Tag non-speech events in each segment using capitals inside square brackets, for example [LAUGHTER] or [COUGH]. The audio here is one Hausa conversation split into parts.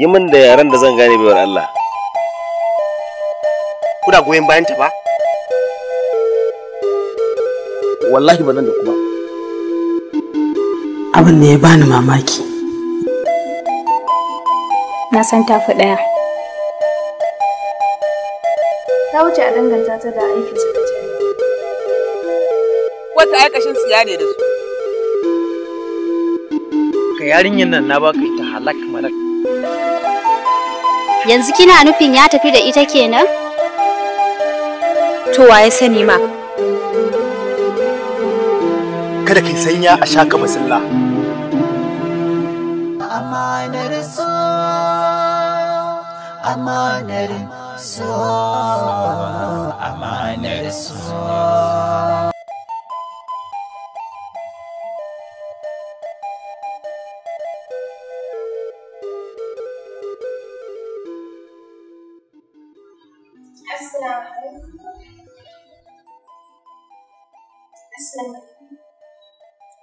yi min da yaren da zan gane baiwar Allah kuna goyon bayan ta ba wallahi ba nan da kuma abin da ya bani mamaki na san ta fi ɗaya ta wuce a danganta ta da aikin ce Wata wata aikashin su ne da su ka yarinyan nan na baka ita halak malak Yanzu kina nufin ya tafi da ita kenan? To waye sani ma. Kada kai sanya a shaka masalla. Amanar so, amanar so, amanar so.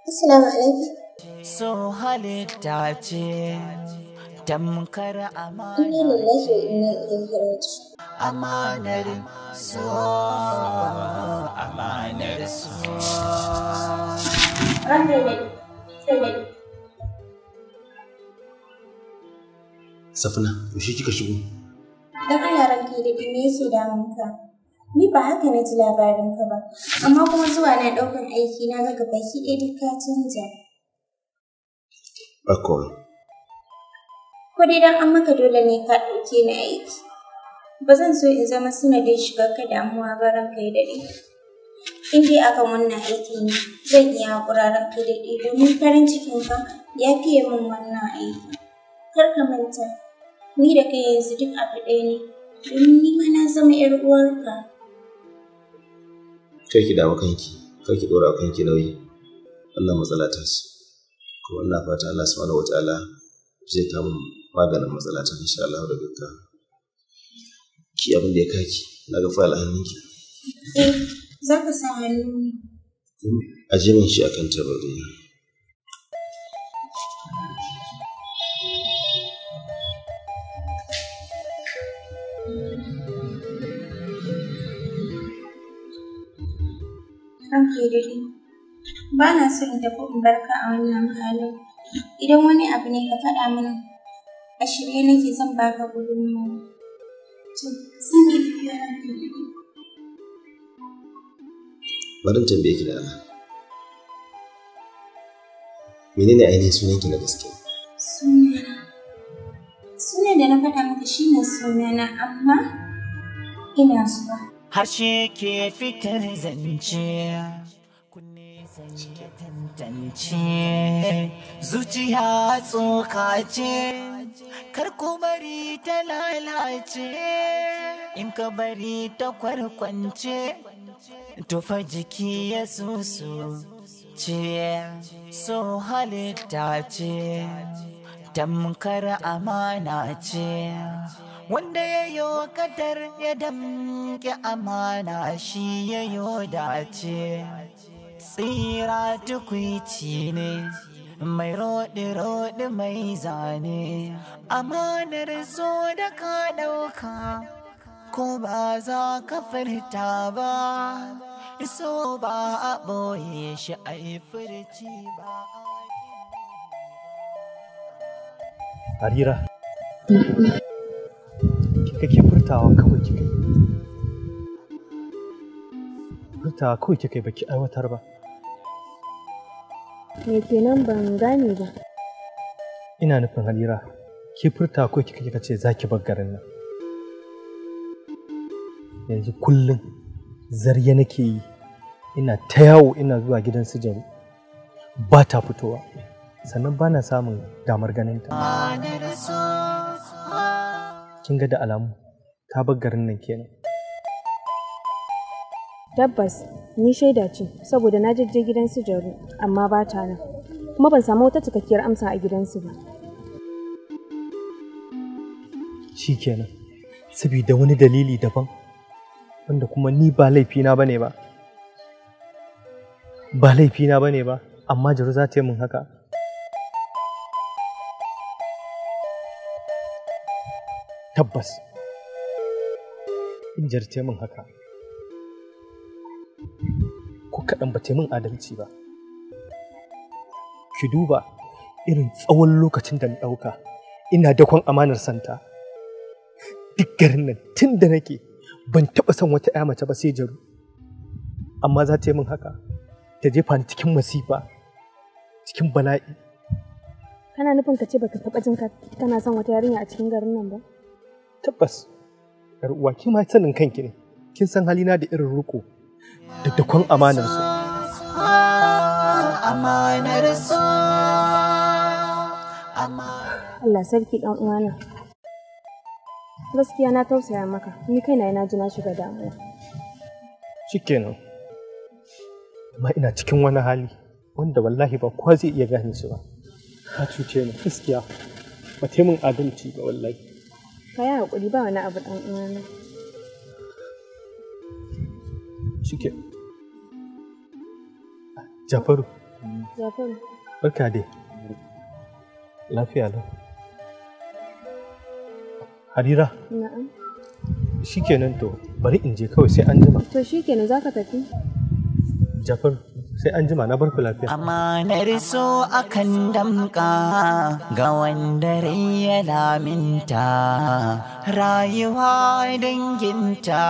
Assalamu alaikum. ce tamkar amana. Ina Safina, yaushe kika shigo? Dan Allah ranka da me yake damunka? Ni ba haka na ji labarinka ba, amma kuma zuwa na ɗaukan aiki na ga gabaki ɗaya duk ka canja. Ba Ko dai don an maka dole ne ka ɗauke ni aiki. Ba zan so in zama sanadin shiga ka damuwa ba ranka ya daɗe. In dai akan wannan aiki ne, zan iya haƙura kai da daɗe domin farin cikin ka ya fiye min wannan aiki. Kar ka manta, ni da kai yanzu duk abu ɗaya ne, domin ni ma na zama 'yar uwarka. kai ki damu kanki kai ki dora kanki nauyi Allah matsalata su ko Allah fata Allah subhanahu ta'ala zai kama maganin matsalata insha Allah da dukka ki abin da ya kaki na ga fa'al ki eh, za ka sa hannu a min shi akan tabarina Dodoli, ba na so in tafi in barka a wannan halin. Idan wani abu ne ka faɗa mini, a shirye nake zan ba ka gudunmawa. To, zan yi tafiya na Bari tambaye ki da Allah. Menene ainihin sunanki na gaske? Sunana. Sunan da na faɗa maka shine sunana amma ina zuwa. harshe ke fitar zance tantance zuciya tsoka ce kar ku bari ta lalace in ka bari ta kwarkwance tufa jiki ya susu ce so halitta ce tamkar amana ce wanda ya wa kadar ya damke amana shi ya yo dace tsira tukwici ne mai roɗi-roɗi mai zane amanar zo da ka ɗauka ko ba za ka furta ba so ba a ɓoye shi a yi furci ba harira kake furtawa kawai kika yi furtawa kawai kika yi baki aiwatar ba me kenan ban gane ba ina nufin halira ki furta kawai kika kika ce za ki bar garin nan yanzu kullum zarya nake yi ina ta yawo ina zuwa gidan su jaru ba ta fitowa sannan ba na samun damar ganin ta. kin ga da alamu ta bar garin nan kenan tabbas ni shaida ce saboda na jajje gidan su jaru amma ba ta nan kuma ban samu wata cikakkiyar amsa a gidansu ba shi kenan saboda wani dalili daban wanda kuma ni ba laifina ba ba laifina ba ne ba amma jaru za ta yi min haka tabbas in jarce min haka ko kaɗan ba min adalci ba ki duba irin tsawon lokacin da na ɗauka ina dakon amanar santa duk garin nan tun da nake ban taɓa son wata ya mace ba sai jaru amma za ta yi min haka ta jefa ni cikin masifa cikin bala'i kana nufin ka ce baka taɓa jin tana son wata yarinya a cikin garin nan ba tabbas yar uwa ki ma sanin kanki ne kin san halina da irin ruko da dakon amanar su Allah sarki dan uwana gaskiya na tausaya maka ni kaina yana ji na shiga damuwa shikenan amma ina cikin wani hali wanda wallahi ba kowa zai iya gane shi ba ka cuce ni gaskiya ba taimun adalci ba wallahi ka yi haƙuri ba wani abu ɗan shi ke Jafaru. Jafaru. Barka dai. Lafiya lau. Harira. Na'am. nan to bari in je kawai sai an jima. To shikenan za ka tafi. Jafaru. sai an jima na bar ku lafiya. Amanar so akan damka ga wanda rai ya laminta rayuwa danginta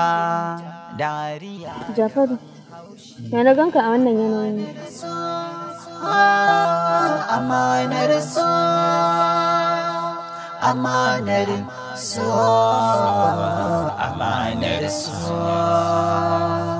dariya. Jafaru, ya na ganka a wannan yanayin. Amanar so, amanar so, amanar so.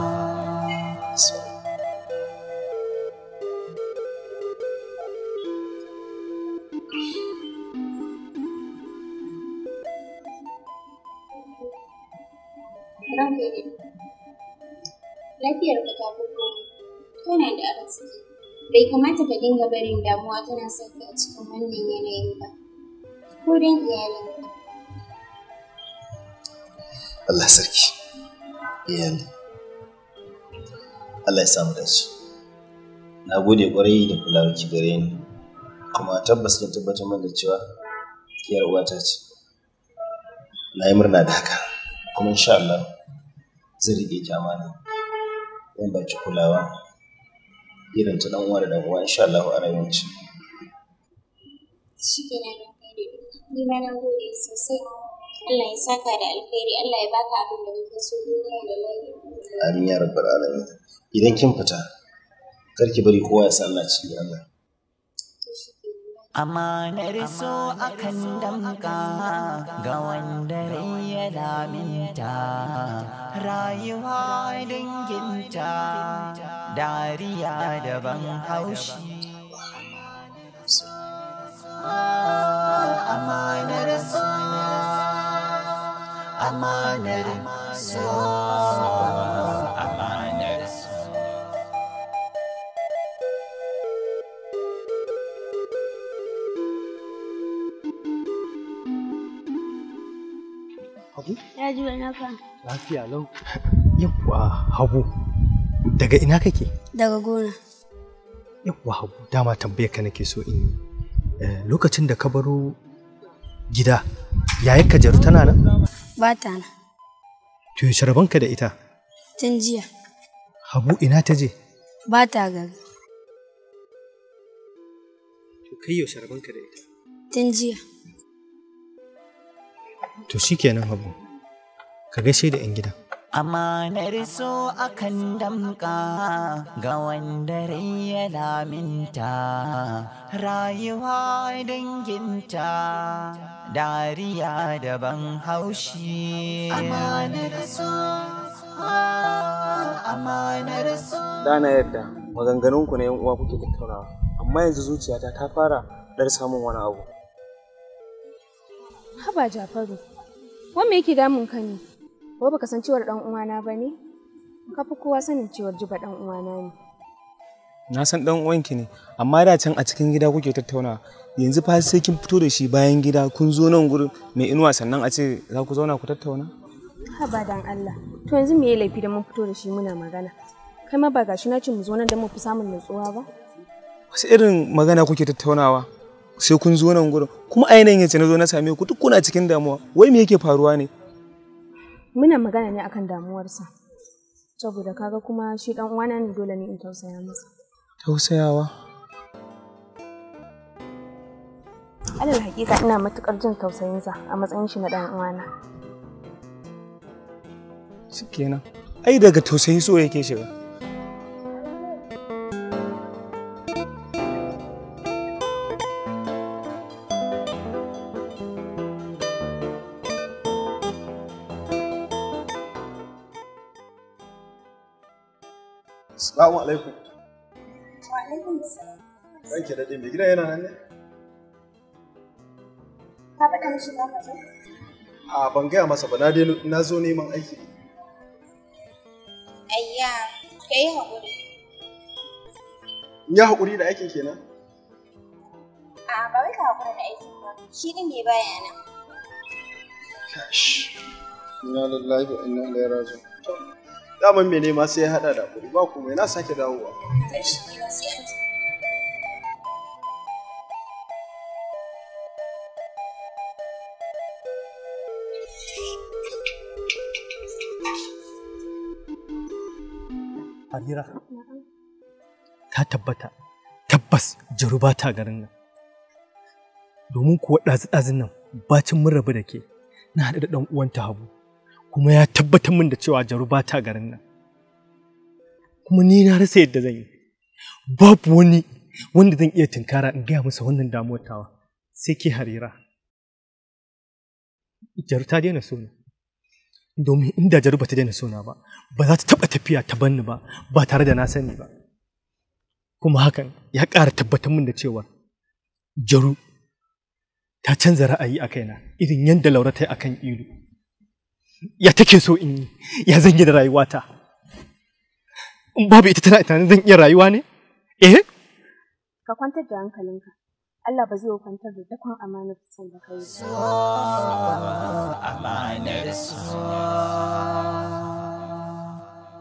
Lafiyar ka ta fi komai kana da arziki bai kamata ka dinga barin damuwa tana sauka a cikin wannan yanayin ba ko don ka Allah sarki iyali Allah ya samu dace na gode kwarai da kulawar ki gare ni kuma tabbas kin tabbatar mana da cewa kiyar uwata ce na yi murna da haka kuma insha Allah zai riƙe ki amana zan baki kulawa irin ta ɗan uwa da ɗan uwa insha Allah a rayuwarki. Shikenan ni ma na gode sosai. Allah ya saka da alkhairi, Allah ya baka abin da kake so duniya da lafiya. Amin ya rabbal alamin. Idan kin fita, kar ki bari kowa ya san Allah cikin Allah. Amanar so akan damka ga wanda ya rayuwa danginta dariya daban haushi. Amanar so, amanar so, amanar Alhaji Wainafa. Lafiya lau. Yawwa Habu. Daga ina kake? Daga gona. Yawwa Habu dama tambayar ka nake so in yi. Eh, lokacin da ka baro gida, yayin ka jaru tana nan? Ba ta nan. To sharabanka da ita? Tun jiya. Habu ina ta je? Ba ta gari. To kai yau sharabanka da ita? Tun jiya. To shikenan Habu. ka gaishe da 'yan gida. Amanar so akan damka ga wanda ya laminta rayuwa danginta dariya daban haushi. Amanar so, ah, amanar so. Dana yadda maganganunku na 'yan uwa kuke tattaunawa, amma yanzu zuciyata ta fara dar samun wani abu. Haba Jafaru, wanda yake damun kani? ko baka san cewar dan uwana ba ne ka fi kowa sanin cewar jiba dan uwana ne na san dan uwanki ne amma da can a cikin gida kuke tattauna yanzu fa sai kin fito da shi bayan gida kun zo nan gurin mai inuwa sannan a ce za ku zauna ku tattauna ba dan Allah to yanzu me ya laifi da mun fito da shi muna magana kai ma ba gashi na ce mu zo nan don mu fi samun nutsuwa ba wasu irin magana kuke tattaunawa sai kun zo nan gurin kuma ainihin yace na zo na same ku duk kuna cikin damuwa wai me yake faruwa ne muna magana ne akan damuwarsa saboda kaga kuma shi dan uwana ne dole ne in tausaya masa tausayawa alal hakika ina matukar jin tausayinsa a matsayin shi na dan uwana shikenan ai daga tausayi so yake shiga Assalamu alaikum. Wa alaikum assalam. Ranke dade mai gida yana nan ne? Ka faɗa mishi za ka zo? A ban gaya masa ba na dai na zo neman aiki. Ayya, ka yi haƙuri. Ya haƙuri da aikin kenan? A ba wai ka haƙura da aikin ba, shi ɗin ne baya nan. Kash. daman me nema sai ya hada da hakuri ba kuma na sake dawowa Amira ta tabbata tabbas jaruba ta garin nan domin kuwa ɗazu-ɗazun nan bacin mun rabu da ke na haɗu da ɗan uwanta habu kuma ya tabbatar min da cewa jaruba ta garin nan kuma ni na rasa yadda zan yi babu wani wanda zan iya tunkara in gaya masa wannan damuwar tawa sai ke harira jaru ta daina sona domin inda jaruba ta daina sona ba ba za ta taba tafiya ta banni ba ba tare da na sani ba kuma hakan ya ƙara tabbatar min da cewa jaru ta canza ra'ayi a kaina irin yadda laura ta yi a kan ilu ya take so in yi ya zan yi da rayuwata in babu ita tana tunanin zan iya rayuwa ne eh ka kwantar da hankalinka Allah ba zai kwantar da dakon amanar son da kai amanar son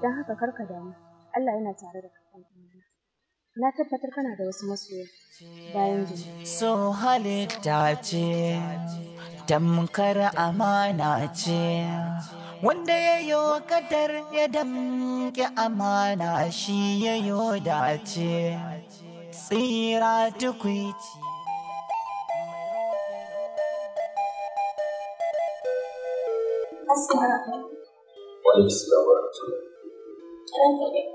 dan haka karka damu Allah yana tare da kai na tabbatar kana da wasu masoya bayan jini. So halitta ce, tamkar amana ce, wanda ya yi kadar ya damke amana shi ya yi dace, tsira tukwici. Assalamu alaikum. Wa alaikum salam wa rahmatullahi.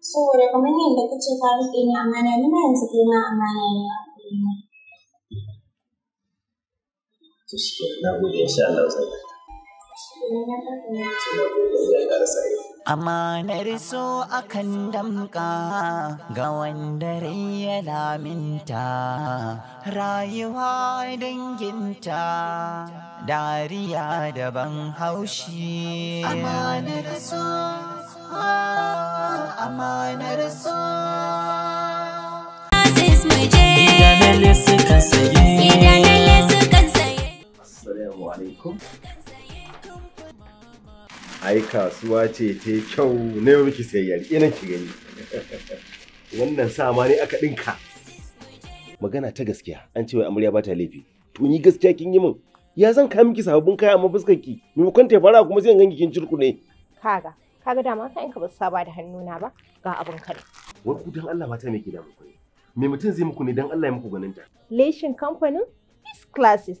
saboda kamar yadda ce ka riƙe ni amana ni ma yanzu kai ma amana ne a gurina to shi ke na gode insha Allah zan Amanar so akan damka ga wanda rai ya laminta rayuwa danginta dariya daban haushi. Amanar so Ah, amanar so Ai kasuwa ce ta kyau ne miki sayayyar ina ki gani [LAUGHS] wannan sama ne aka ɗinka? magana ta gaskiya an ce wai amarya ba ta laifi to ni gaskiya kin yi min ya zan kawo miki sababbin kaya a ki maimakon ta fara kuma sai in ganki kin ne kaga dama ka yanka ba su saba da hannuna ba ga abin ka ne wai ku dan Allah mata me ke da muku ne me mutum zai muku ne dan Allah ya muku ganin ta leshin kamfanin class classes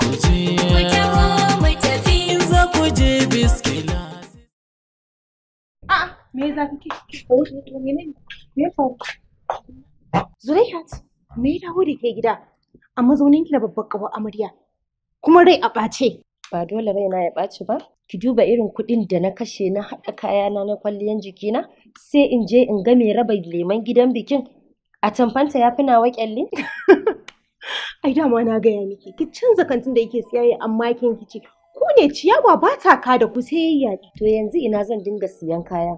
me za me faru Zulaihat me da ke gida a mazaunin ki da babbar kawo amarya kuma rai a ɓace ba dole raina ya ɓaci ba ki duba irin kuɗin da na kashe na haɗa kayana na kwalliyan jikina sai in je in ga mai raba leman gidan bikin a tamfanta ya fi nawa ƙyalli? [LAUGHS] ai dama na gaya miki ki canza kantin da yake siyayya amma kin kici Ko ne ciyawa ba ta ka da ku sai yayi to yanzu ina zan dinga siyan kaya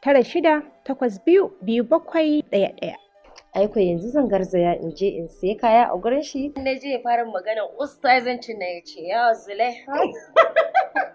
tara shida takwas biyu biyu bakwai ɗaya ɗaya. Aiko yanzu zan garzaya in je in sai kaya a gurin shi. Na je fara maganar ustazancin na ya ce ya zule. [LAUGHS]